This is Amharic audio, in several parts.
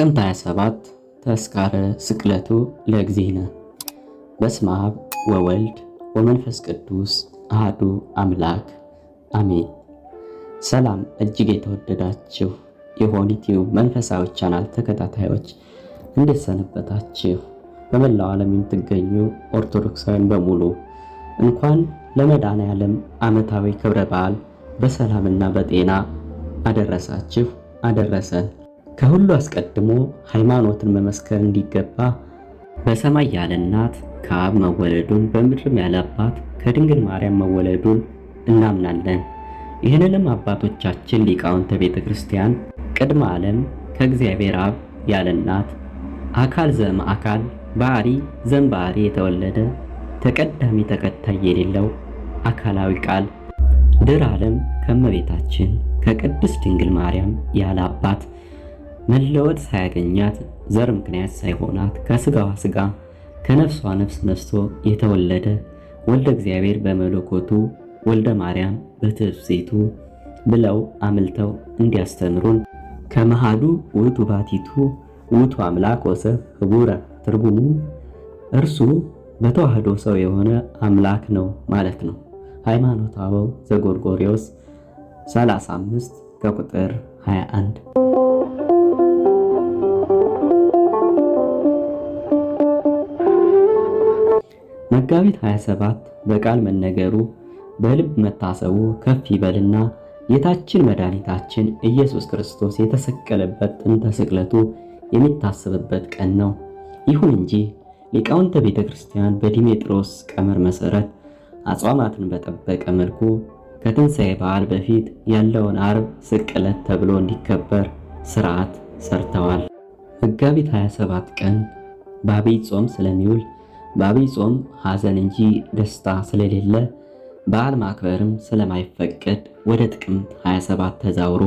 ጥቅምት 27 ተስካረ ስቅለቱ ለእግዚእነ በስመ አብ ወወልድ ወመንፈስ ቅዱስ አህዱ አምላክ አሜን። ሰላም እጅግ የተወደዳችሁ የሆኒቲው መንፈሳዊ ቻናል ተከታታዮች እንዴት ሰነበታችሁ? በመላው ዓለም የምትገኙ ኦርቶዶክሳውያን በሙሉ እንኳን ለመዳን ዓለም ዓመታዊ ክብረ በዓል በሰላምና በጤና አደረሳችሁ አደረሰን። ከሁሉ አስቀድሞ ሃይማኖትን መመስከር እንዲገባ በሰማይ ያለ እናት ከአብ መወለዱን በምድርም ያለ አባት ከድንግል ማርያም መወለዱን እናምናለን። ይህንንም አባቶቻችን ሊቃውንተ ቤተ ክርስቲያን ቅድመ ዓለም ከእግዚአብሔር አብ ያለ እናት አካል ዘም አካል ባህሪ ዘም ባህሪ የተወለደ ተቀዳሚ ተከታይ የሌለው አካላዊ ቃል ድር ዓለም ከመቤታችን ከቅድስት ድንግል ማርያም ያለ አባት መለወጥ ሳያገኛት ዘር ምክንያት ሳይሆናት ከስጋዋ ስጋ ከነፍሷ ነፍስ ነስቶ የተወለደ ወልደ እግዚአብሔር በመለኮቱ ወልደ ማርያም በትፍሲቱ ብለው አምልተው እንዲያስተምሩን ከመሃሉ ውእቱ ባቲቱ ውእቱ አምላክ ወሰብ ህቡረ ትርጉሙ እርሱ በተዋህዶ ሰው የሆነ አምላክ ነው ማለት ነው። ሃይማኖተ አበው ዘጎርጎርዮስ 35 ከቁጥር 21 መጋቢት 27 በቃል መነገሩ በልብ መታሰቡ ከፍ ይበልና ጌታችን መድኃኒታችን ኢየሱስ ክርስቶስ የተሰቀለበት ጥንተ ስቅለቱ የሚታሰብበት ቀን ነው። ይሁን እንጂ ሊቃውንተ ቤተ ክርስቲያን በዲሜጥሮስ ቀመር መሠረት አጽዋማትን በጠበቀ መልኩ ከትንሣኤ በዓል በፊት ያለውን አርብ ስቅለት ተብሎ እንዲከበር ስርዓት ሰርተዋል። መጋቢት 27 ቀን በአብይ ጾም ስለሚውል በአብይ ጾም ሐዘን እንጂ ደስታ ስለሌለ በዓል ማክበርም ስለማይፈቀድ ወደ ጥቅምት 27 ተዛውሮ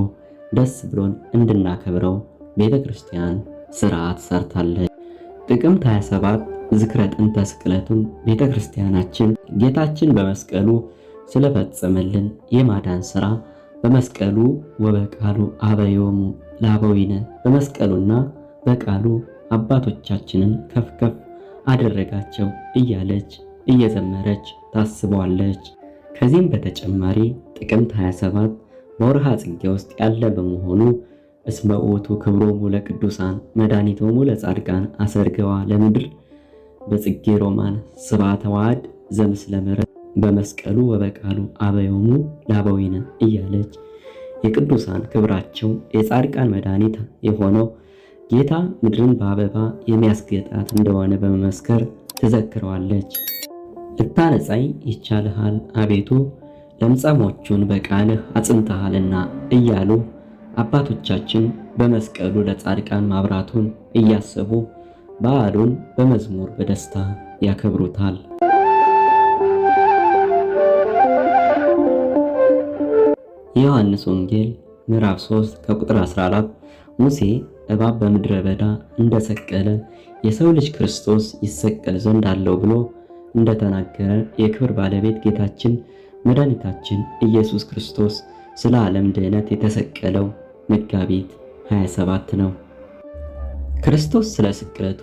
ደስ ብሎን እንድናከብረው ቤተ ክርስቲያን ስርዓት ሰርታለች። ጥቅምት 27 ዝክረ ጥንተ ስቅለቱን ቤተ ክርስቲያናችን ጌታችን በመስቀሉ ስለፈጸመልን የማዳን ሥራ በመስቀሉ ወበቃሉ አበዮሙ ላበዊነ በመስቀሉና በቃሉ አባቶቻችንን ከፍከፍ አደረጋቸው እያለች እየዘመረች ታስበዋለች። ከዚህም በተጨማሪ ጥቅምት 27 በወርሃ ጽጌ ውስጥ ያለ በመሆኑ እስመ ውእቱ ክብሮሙ ለቅዱሳን መድኃኒቶሙ ለጻድቃን አሰርገዋ ለምድር በጽጌ ሮማን ስብሐተ ዋዕድ ዘምስለ ምሕረት በመስቀሉ ወበቃሉ አበዮሙ ለአበዊነ እያለች የቅዱሳን ክብራቸው የጻድቃን መድኃኒት የሆነው ጌታ ምድርን በአበባ የሚያስጌጣት እንደሆነ በመመስከር ትዘክረዋለች። ልታነጻይ ይቻልሃል አቤቱ ለምጻሞቹን በቃልህ አጽንተሃልና እያሉ አባቶቻችን በመስቀሉ ለጻድቃን ማብራቱን እያሰቡ በዓሉን በመዝሙር በደስታ ያከብሩታል። የዮሐንስ ወንጌል ምዕራፍ 3 ከቁጥር 14 ሙሴ እባብ በምድረ በዳ እንደሰቀለ የሰው ልጅ ክርስቶስ ይሰቀል ዘንድ አለው ብሎ እንደተናገረ የክብር ባለቤት ጌታችን መድኃኒታችን ኢየሱስ ክርስቶስ ስለ ዓለም ድህነት የተሰቀለው መጋቢት 27 ነው። ክርስቶስ ስለ ስቅለቱ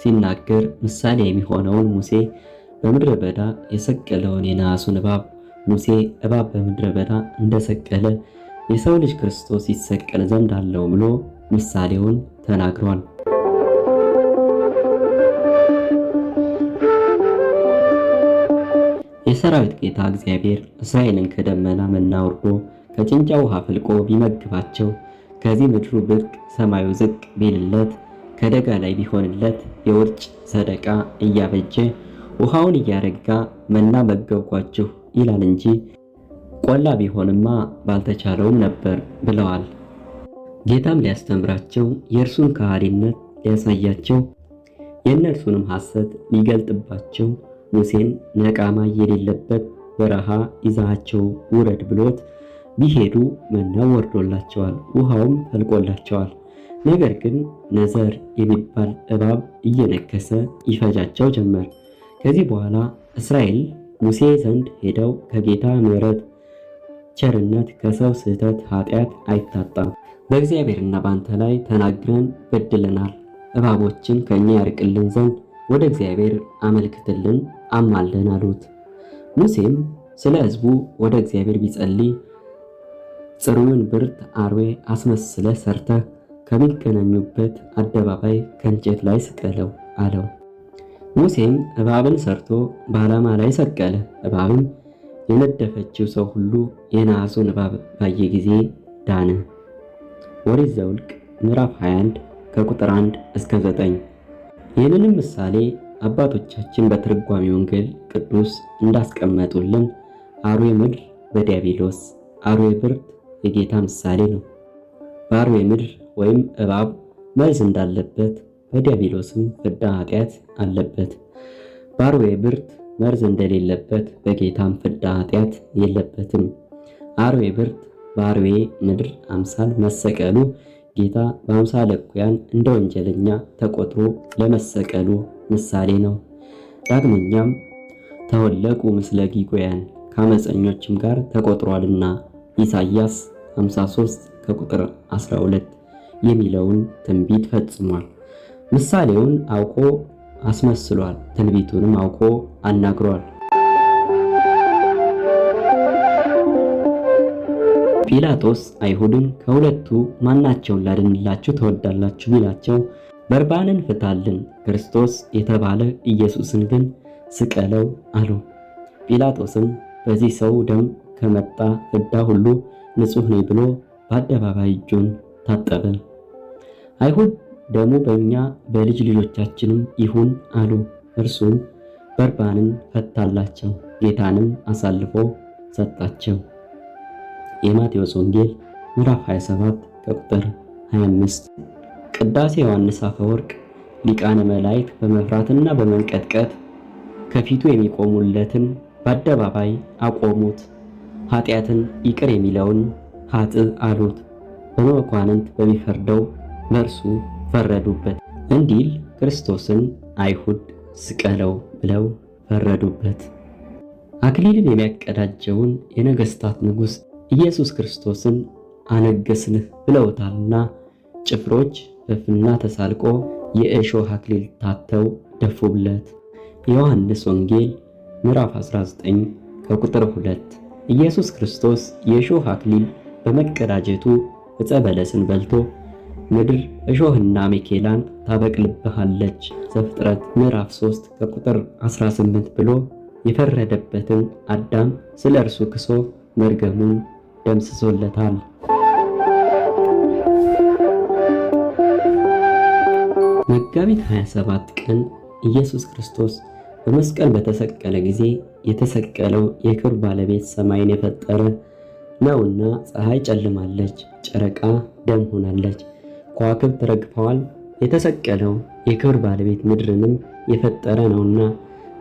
ሲናገር ምሳሌ የሚሆነውን ሙሴ በምድረ በዳ የሰቀለውን የነሐሱን እባብ ሙሴ እባብ በምድረ በዳ እንደሰቀለ የሰው ልጅ ክርስቶስ ይሰቀል ዘንድ አለው ብሎ ምሳሌውን ተናግሯል። የሰራዊት ጌታ እግዚአብሔር እስራኤልን ከደመና መና አውርዶ ከጭንጫ ውሃ ፈልቆ ቢመግባቸው ከዚህ ምድሩ ብርቅ ሰማዩ ዝቅ ቢልለት ከደጋ ላይ ቢሆንለት የውርጭ ሰደቃ እያበጀ ውሃውን እያረጋ መና መገብኳችሁ ይላል እንጂ ቆላ ቢሆንማ ባልተቻለውም ነበር ብለዋል። ጌታም ሊያስተምራቸው የእርሱን ከሃዲነት ሊያሳያቸው የእነርሱንም ሐሰት ሊገልጥባቸው ሙሴን ነቃማ የሌለበት በረሃ ይዛቸው ውረድ ብሎት ቢሄዱ መናው ወርዶላቸዋል፣ ውሃውም ፈልቆላቸዋል። ነገር ግን ነዘር የሚባል እባብ እየነከሰ ይፈጃቸው ጀመር። ከዚህ በኋላ እስራኤል ሙሴ ዘንድ ሄደው ከጌታ ምሕረት ቸርነት ከሰው ስህተት ኃጢአት አይታጣም በእግዚአብሔርና በአንተ ላይ ተናግረን በድለናል። እባቦችን ከእኛ ያርቅልን ዘንድ ወደ እግዚአብሔር አመልክትልን አማልደን አሉት። ሙሴም ስለ ሕዝቡ ወደ እግዚአብሔር ቢጸልይ ጽሩዩን ብርት አርዌ አስመስለ ሰርተ ከሚገናኙበት አደባባይ ከእንጨት ላይ ስቀለው አለው። ሙሴም እባብን ሰርቶ በዓላማ ላይ ሰቀለ። እባብም የነደፈችው ሰው ሁሉ የነሐሱን እባብ ባየ ጊዜ ዳነ። ኦሪት ዘኍልቍ ምዕራፍ 21 ከቁጥር 1 እስከ 9። ይህንንም ምሳሌ አባቶቻችን በትርጓሚ ወንጌል ቅዱስ እንዳስቀመጡልን አርዌ ምድር በዲያብሎስ አርዌ ብርት የጌታ ምሳሌ ነው። በአርዌ ምድር ወይም እባብ መርዝ እንዳለበት በዲያብሎስም ፍዳ ኃጢአት አለበት። በአርዌ ብርት መርዝ እንደሌለበት በጌታም ፍዳ ኃጢአት የለበትም። አርዌ ብርት በአርዌ ምድር አምሳል መሰቀሉ ጌታ በአምሳለ እኩያን እንደ ወንጀለኛ ተቆጥሮ ለመሰቀሉ ምሳሌ ነው። ዳግመኛም ተወለቁ ምስለ ጊጎያን ከአመፀኞችም ጋር ተቆጥሯልና ኢሳይያስ 53 ከቁጥር 12 የሚለውን ትንቢት ፈጽሟል። ምሳሌውን አውቆ አስመስሏል። ትንቢቱንም አውቆ አናግሯል። ጲላጦስ አይሁድን ከሁለቱ ማናቸውን ላድንላችሁ ተወዳላችሁ ቢላቸው በርባንን ፍታልን፣ ክርስቶስ የተባለ ኢየሱስን ግን ስቀለው አሉ። ጲላጦስም በዚህ ሰው ደም ከመጣ ፍዳ ሁሉ ንጹሕ ነኝ ብሎ በአደባባይ እጁን ታጠበ። አይሁድ ደሙ በእኛ በልጅ ልጆቻችንም ይሁን አሉ። እርሱም በርባንን ፈታላቸው፣ ጌታንም አሳልፎ ሰጣቸው። የማቴዎስ ወንጌል ምዕራፍ 27 ከቁጥር 25። ቅዳሴ ዮሐንስ አፈወርቅ ሊቃነ መላእክት በመፍራትና በመንቀጥቀጥ ከፊቱ የሚቆሙለትን በአደባባይ አቆሙት። ኃጢአትን ይቅር የሚለውን ኃጥእ አሉት። በመኳንንት በሚፈርደው በእርሱ ፈረዱበት እንዲል ክርስቶስን አይሁድ ስቀለው ብለው ፈረዱበት። አክሊልን የሚያቀዳጀውን የነገሥታት ንጉሥ ኢየሱስ ክርስቶስን አነገስንህ ብለውታልና ጭፍሮች በፍና ተሳልቆ የእሾህ አክሊል ታተው ደፉለት። የዮሐንስ ወንጌል ምዕራፍ 19 ከቁጥር 2። ኢየሱስ ክርስቶስ የእሾህ አክሊል በመቀዳጀቱ ዕፀ በለስን በልቶ ምድር እሾህና ሜኬላን ታበቅልብሃለች ዘፍጥረት ምዕራፍ 3 ከቁጥር 18 ብሎ የፈረደበትን አዳም ስለ እርሱ ክሶ መርገሙን ደምስሶለታል። መጋቢት 27 ቀን ኢየሱስ ክርስቶስ በመስቀል በተሰቀለ ጊዜ የተሰቀለው የክብር ባለቤት ሰማይን የፈጠረ ነውና ፀሐይ ጨልማለች፣ ጨረቃ ደም ሆናለች፣ ከዋክብት ረግፈዋል። የተሰቀለው የክብር ባለቤት ምድርንም የፈጠረ ነውና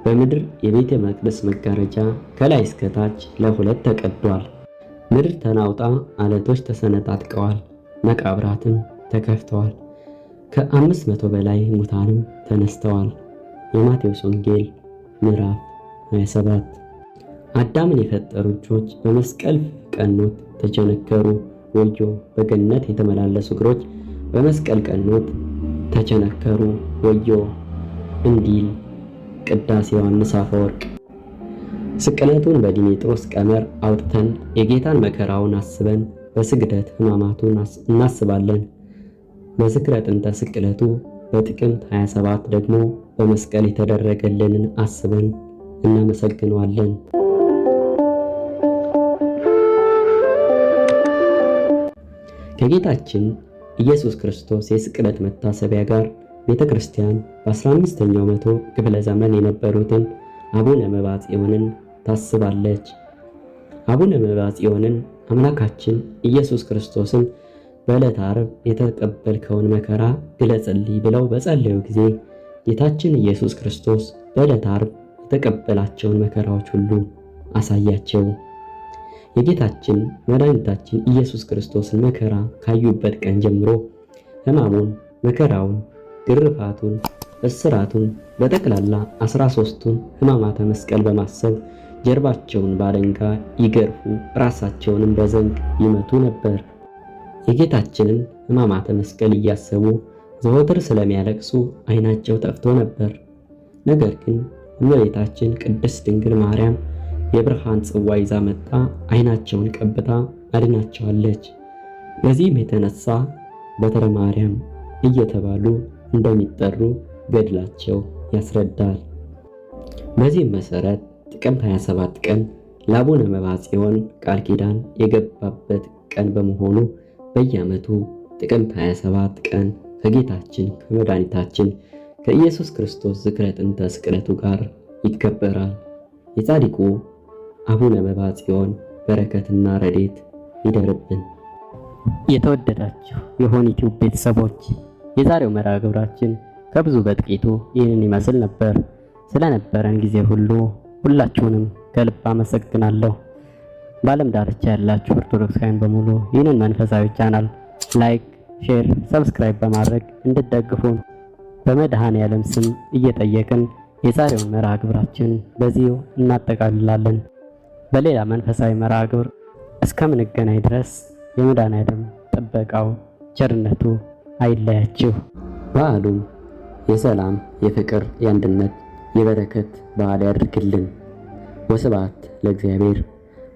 በምድር የቤተ መቅደስ መጋረጃ ከላይ እስከታች ለሁለት ተቀዷል። ምድር ተናውጣ አለቶች ተሰነጣጥቀዋል፣ መቃብራትም ተከፍተዋል። ከአምስት መቶ በላይ ሙታንም ተነስተዋል። የማቴዎስ ወንጌል ምዕራፍ 27 አዳምን የፈጠሩ እጆች በመስቀል ቀኖት ተቸነከሩ። ወዮ! በገነት የተመላለሱ እግሮች በመስቀል ቀኖት ተቸነከሩ። ወዮ! እንዲል ቅዳሴ ዮሐንስ አፈወርቅ ስቅለቱን በዲሜጥሮስ ቀመር አውጥተን የጌታን መከራውን አስበን በስግደት ሕማማቱን እናስባለን። መስክረ ጥንተ ስቅለቱ በጥቅምት 27 ደግሞ በመስቀል የተደረገልንን አስበን እናመሰግነዋለን። ከጌታችን ኢየሱስ ክርስቶስ የስቅለት መታሰቢያ ጋር ቤተ ክርስቲያን በ15ኛው መቶ ክፍለ ዘመን የነበሩትን አቡነ መባጽዮንን ታስባለች። አቡነ መባጽዮንን አምላካችን ኢየሱስ ክርስቶስን በዕለተ ዓርብ የተቀበልከውን መከራ ግለጽልኝ ብለው በጸለዩ ጊዜ ጌታችን ኢየሱስ ክርስቶስ በዕለተ ዓርብ የተቀበላቸውን መከራዎች ሁሉ አሳያቸው። የጌታችን መድኃኒታችን ኢየሱስ ክርስቶስን መከራ ካዩበት ቀን ጀምሮ ሕማሙን፣ መከራውን፣ ግርፋቱን፣ እስራቱን በጠቅላላ አስራ ሦስቱን ሕማማተ መስቀል በማሰብ ጀርባቸውን ባለንጋ ይገርፉ፣ ራሳቸውንም በዘንግ ይመቱ ነበር። የጌታችንን ሕማማተ መስቀል እያሰቡ ዘወትር ስለሚያለቅሱ ዓይናቸው ጠፍቶ ነበር። ነገር ግን እመቤታችን ቅድስት ድንግል ማርያም የብርሃን ጽዋ ይዛ መጣ ዓይናቸውን ቀብታ አድናቸዋለች። በዚህም የተነሳ በትረ ማርያም እየተባሉ እንደሚጠሩ ገድላቸው ያስረዳል። በዚህም መሰረት ጥቅምት 27 ቀን ለአቡነ መብዓ ጽዮን ቃል ኪዳን የገባበት ቀን በመሆኑ በየዓመቱ ጥቅምት 27 ቀን ከጌታችን ከመድኃኒታችን ከኢየሱስ ክርስቶስ ዝክረ ጥንተ ስቅለቱ ጋር ይከበራል። የጻድቁ አቡነ መብዓ ጽዮን በረከትና ረዴት ይደርብን። የተወደዳችሁ የሆን ቲዩብ ቤተሰቦች የዛሬው መርሃ ግብራችን ከብዙ በጥቂቱ ይህንን ይመስል ነበር። ስለነበረን ጊዜ ሁሉ ሁላችሁንም ከልብ አመሰግናለሁ። በዓለም ዳርቻ ያላችሁ ኦርቶዶክሳውያን በሙሉ ይህንን መንፈሳዊ ቻናል ላይክ፣ ሼር፣ ሰብስክራይብ በማድረግ እንድትደግፉን በመድሃን ዓለም ስም እየጠየቅን የዛሬውን መርሃ ግብራችን በዚሁ እናጠቃልላለን። በሌላ መንፈሳዊ መርሃ ግብር እስከምንገናኝ ድረስ የመድኃኔ ዓለም ጥበቃው ቸርነቱ አይለያችሁ። በዓሉ የሰላም የፍቅር፣ የአንድነት የበረከት በዓል ያድርግልን። ወስብሐት ለእግዚአብሔር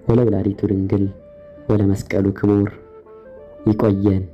ወለወላዲቱ ድንግል ወለመስቀሉ ክቡር። ይቆየን።